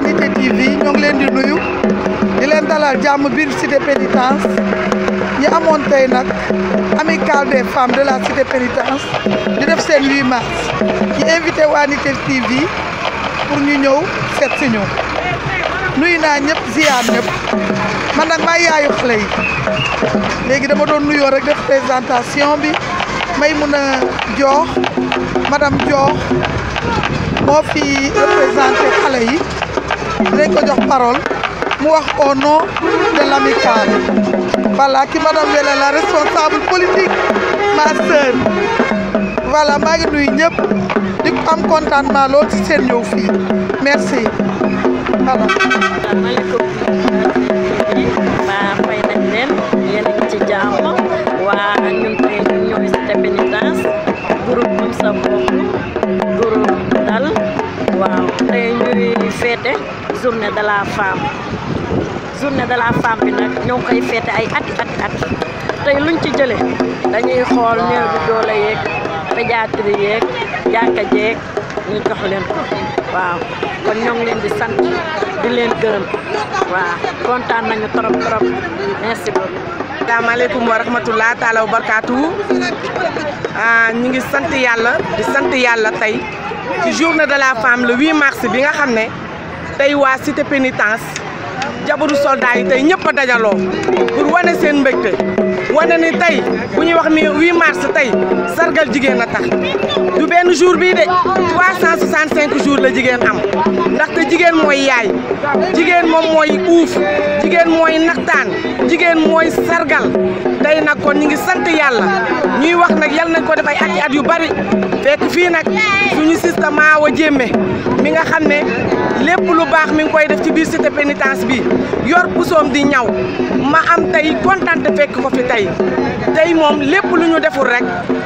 Humanité TV ñoo ngi leen di nuyu di leen dalal jàmm biir cité pénitence ñi amoon tey nag amicale des femmes de la cité pénitence di def seen 8 mars ci invité Humanité TV pour ñu ñëw seet si ñu nuyu naa ñëpp ziar ñëpp man nag maa yaayu xale yi léegi dama doon nuyoo rek def présentation bi may mun a joox madame joox moo fi représenté xale yi dinañ ko jox parole mu wax au de l'amicale voilà ki madame la responsable politique ma sœur voilà maa ngi am contentement lool ci seen ñëw fii merci voilà. Sa Bopp groupe dal waaw tey ñuy féete. journée de la femme journée de la femme bi nag ñoo ngi koy feete ay ati ati ati tey luñ ci jële dañuy xool néew bi doole yeeg pédiatrie yeeg jàkka jeeg ñu jox leen waaw kon ñoo ngi leen di sant di leen gërëm waaw kontaan nañu trop trop merci beaucoup. asalaamaaleykum wa rahmatulah taala wa barakaatu ah, ñu ngi sant yàlla di sant yàlla tey ci journée de la femme mars bi nga xam ne. tey waa cité pénitence jabaru soldat yi tey ñëpp a dajaloo pour wane seen mbégte wane ni tey bu ñuy wax ni mars tey sargal jigéen a tax du benn jour bii de 365 jours la jigéen am ndaxte jigéen mooy yaay jigéen moom mooy uuf jigéen mooy naxtaan jigéen mooy sargal tey nag kon ñu ngi sant yàlla ñuy wax nag yal nañ ko def ay at yu bari fekk fii nag suñu système Awa Diémé mi nga xam ne lépp lu baax mi ngi koy def ci biir cité pénitence bi yor pusoom di ñaw ma am tey kontaan fekk ko fi tey tey moom lépp lu ñu deful rek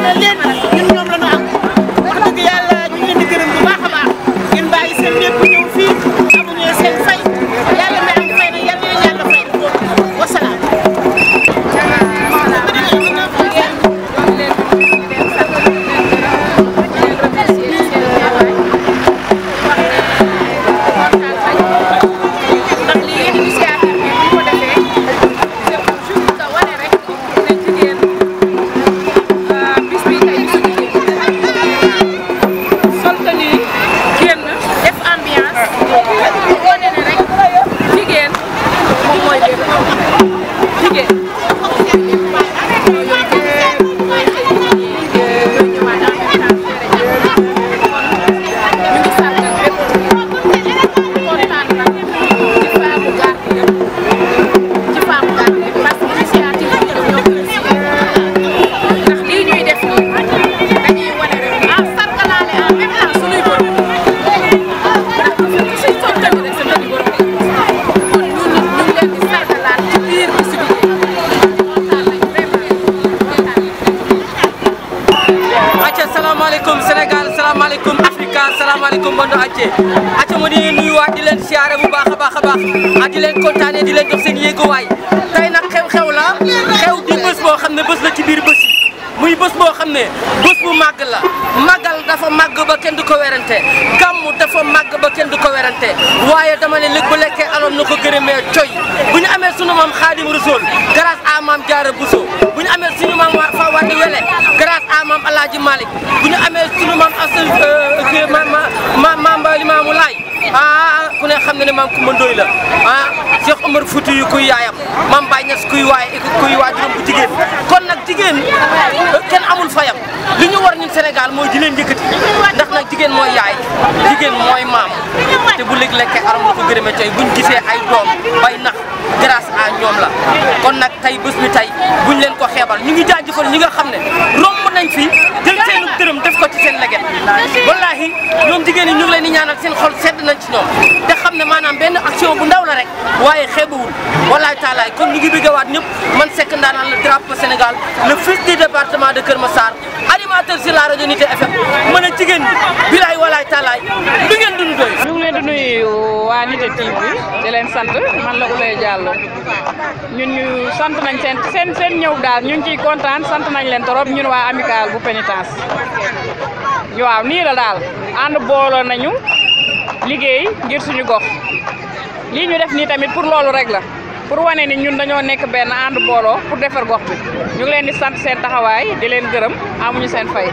Hallelujah. ko mbondo acce acce ma di leen nuyuwaat di leen siyaare bu baax a baax a baax a di leen kontaane di leen jox seen yéeguwaay tey nag xew-xew la xew di bés boo xam ne bés la ci biir bés muy bés boo xam ne bés bu màgg la màggal dafa màgg ba kenn du ko werante gàmmu dafa màgg ba kenn du ko werante waaye dama ne li bu lekkee aloon na ko gërëmee coy bu ñu amee sunu maam xaadim rasul grâce à maam Jaara Buso bu ñu amee sunu maam fa wàññi wele grâce à maam Alaaji Malick bu ñu amee sunu maam as euh, ma ma maam Mbaye Limaamu Laay ah ku ne xam ne ne maam Kumba Ndoy la ah Cheikh Omar Fouti yu kuy yaayam maam Baye Niass kuy waay kuy waajuram bu jigéen kon kenn amul fayam li ñu war ñun Sénégal mooy di leen yëkkati ndax nag jigéen mooy yaay jigéen mooy maam te bu léegi lekkee aram la ko gërëmee tey buñ gisee ay doom bay nax grâce à ñoom la kon nag tey bés mi tey buñ leen ko xeebal ñu ngi jaajëfal ñi nga xam ne romb nañ fi jël seenu dërëm def ko ci seen leget wallaahi ñoom jigéen ñi ñu ngi leen di ñaanal seen xol sedd nañ ci ñoom ne maanaam benn action bu ndaw la rek waaye xeebuwul wallaay taalaay kon ñu ngi bëggewaat ñëpp man Seck Ndanane la drapeau Sénégal le fils du département de Kër Massar animateur sur la rajo Nité FM mën a jigéen bi bilaay wallaay taalaay lu ngeen dund leen di nuyu waa Nité TV di leen sant man la Ouleye Diallo ñun ñu sant nañ seen seen seen ñëw daal ñu ngi ciy kontaan sant nañ leen torop ñun waa amical bu pénitence waaw nii la daal ànd booloo nañu liggéey ngir suñu gox lii ñu def nii tamit pour loolu rek la pour wane ni ñun dañoo nekk benn ànd booloo pour defar gox bi ñu ngi leen di sant seen taxawaay di leen gërëm amuñu seen fay.